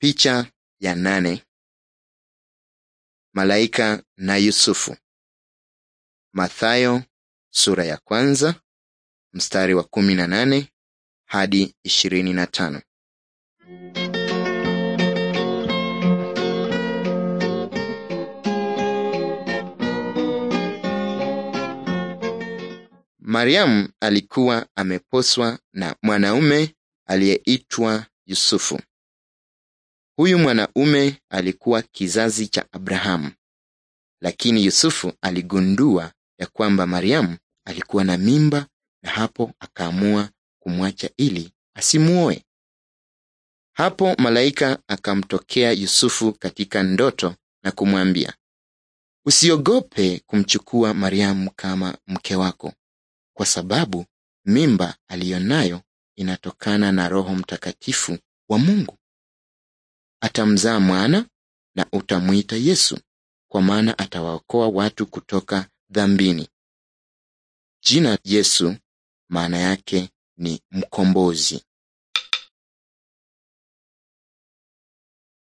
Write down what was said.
Picha ya nane malaika na Yusufu. Mathayo sura ya kwanza mstari wa kumi na nane hadi ishirini na tano. Mariamu alikuwa ameposwa na mwanaume aliyeitwa Yusufu Huyu mwanaume alikuwa kizazi cha Abrahamu, lakini Yusufu aligundua ya kwamba Mariamu alikuwa na mimba, na hapo akaamua kumwacha ili asimuoe. Hapo malaika akamtokea Yusufu katika ndoto na kumwambia, usiogope kumchukua Mariamu kama mke wako, kwa sababu mimba aliyonayo inatokana na Roho Mtakatifu wa Mungu atamzaa mwana na utamwita Yesu, kwa maana atawaokoa watu kutoka dhambini. Jina Yesu maana yake ni mkombozi.